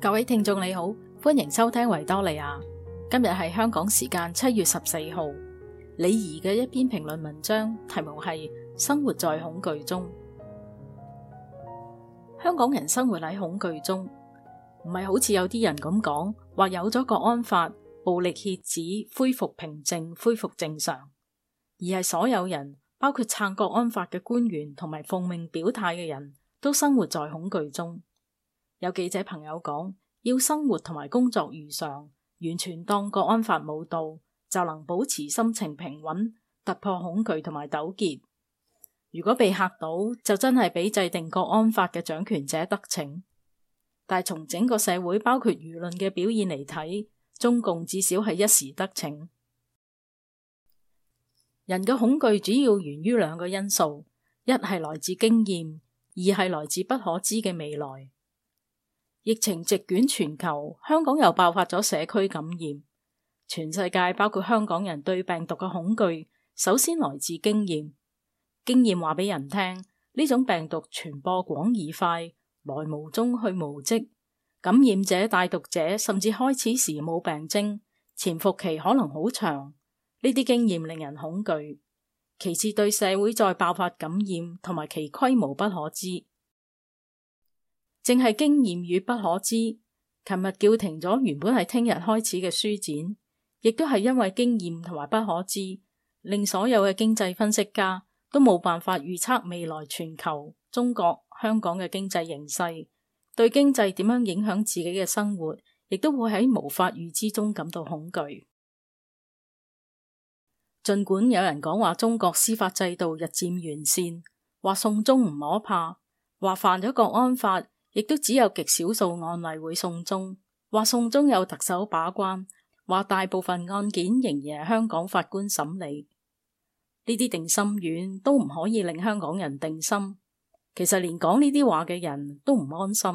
各位聽眾你好，歡迎收聽維多利亞。今日係香港時間七月十四號，李怡嘅一篇評論文章，題目係《生活在恐懼中》，香港人生活喺恐懼中。唔係好似有啲人咁講，話有咗國安法，暴力歇止，恢復平靜，恢復正常，而係所有人，包括撐國安法嘅官員同埋奉命表態嘅人都生活在恐懼中。有記者朋友講，要生活同埋工作如常，完全當國安法冇到，就能保持心情平穩，突破恐懼同埋糾結。如果被嚇到，就真係俾制定國安法嘅掌權者得逞。但係從整個社會包括輿論嘅表現嚟睇，中共至少係一時得逞。人嘅恐懼主要源於兩個因素：一係來自經驗，二係來自不可知嘅未來。疫情席捲全球，香港又爆發咗社區感染，全世界包括香港人對病毒嘅恐懼，首先來自經驗。經驗話俾人聽，呢種病毒傳播廣而快。內無中去無迹，感染者帶毒者甚至開始時冇病徵，潛伏期可能好長。呢啲經驗令人恐懼。其次，對社會再爆發感染同埋其規模不可知，淨係經驗與不可知。琴日叫停咗原本係聽日開始嘅書展，亦都係因為經驗同埋不可知，令所有嘅經濟分析家都冇辦法預測未來全球中國。香港嘅經濟形勢，對經濟點樣影響自己嘅生活，亦都會喺無法預知中感到恐懼。盡管有人講話中國司法制度日漸完善，話送中唔可怕，話犯咗國安法亦都只有極少數案例會送中，話送中有特首把關，話大部分案件仍然係香港法官審理。呢啲定心丸都唔可以令香港人定心。其實連講呢啲話嘅人都唔安心，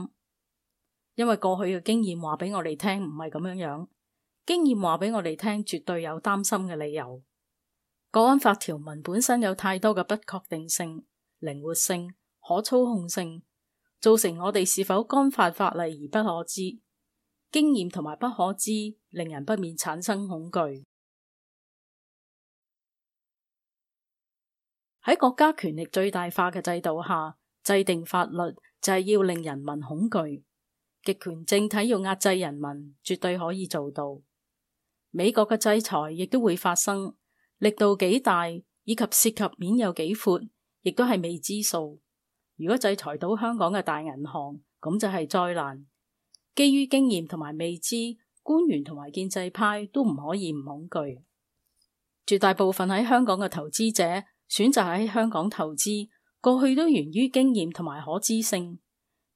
因為過去嘅經驗話俾我哋聽唔係咁樣樣。經驗話俾我哋聽，絕對有擔心嘅理由。國安法條文本身有太多嘅不確定性、靈活性、可操控性，造成我哋是否干犯法例而不可知。經驗同埋不可知，令人不免產生恐懼。喺國家權力最大化嘅制度下。制定法律就係要令人民恐懼，極權政體要壓制人民，絕對可以做到。美國嘅制裁亦都會發生，力度幾大，以及涉及面有幾闊，亦都係未知數。如果制裁到香港嘅大銀行，咁就係災難。基於經驗同埋未知，官員同埋建制派都唔可以唔恐懼。絕大部分喺香港嘅投資者選擇喺香港投資。過去都源於經驗同埋可知性。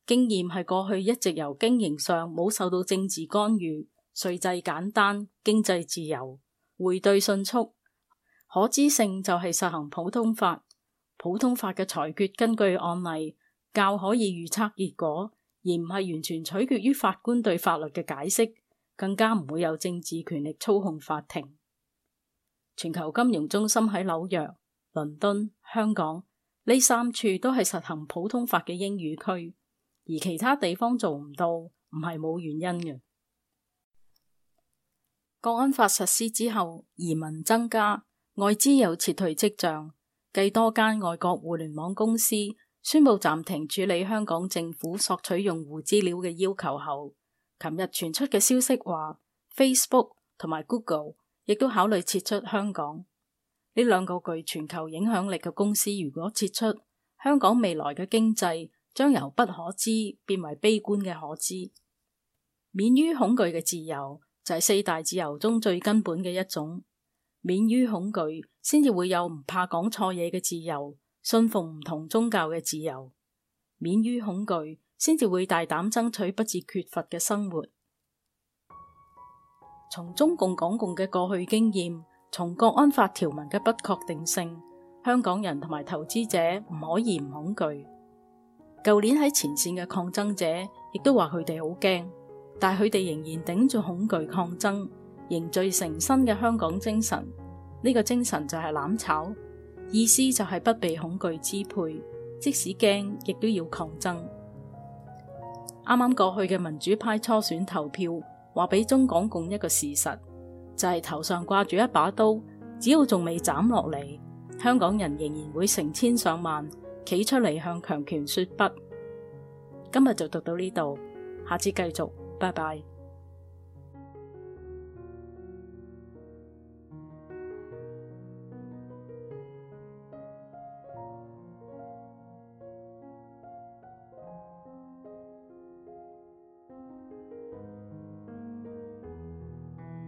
經驗係過去一直由經營上冇受到政治干預，稅制簡單，經濟自由，匯兌迅速。可知性就係實行普通法，普通法嘅裁決根據案例較可以預測結果，而唔係完全取決於法官對法律嘅解釋，更加唔會有政治權力操控法庭。全球金融中心喺紐約、倫敦、香港。呢三處都係實行普通法嘅英語區，而其他地方做唔到，唔係冇原因嘅。國安法實施之後，移民增加，外資有撤退跡象，繼多間外國互聯網公司宣布暫停處理香港政府索取用戶資料嘅要求後，琴日傳出嘅消息話，Facebook 同埋 Google 亦都考慮撤出香港。呢兩個具全球影響力嘅公司如果撤出，香港未來嘅經濟將由不可知變為悲觀嘅可知。免於恐懼嘅自由就係四大自由中最根本嘅一種。免於恐懼先至會有唔怕講錯嘢嘅自由，信奉唔同宗教嘅自由。免於恐懼先至會大膽爭取不至缺乏嘅生活。從中共港共嘅過去經驗。從國安法條文嘅不確定性，香港人同埋投資者唔可以唔恐懼。舊年喺前綫嘅抗爭者亦都話佢哋好驚，但佢哋仍然頂住恐懼抗爭，凝聚成新嘅香港精神。呢個精神就係攬炒，意思就係不被恐懼支配，即使驚亦都要抗爭。啱啱過去嘅民主派初選投票，話俾中港共一個事實。就係頭上掛住一把刀，只要仲未斬落嚟，香港人仍然會成千上萬企出嚟向強權說不。今日就讀到呢度，下次繼續，拜拜。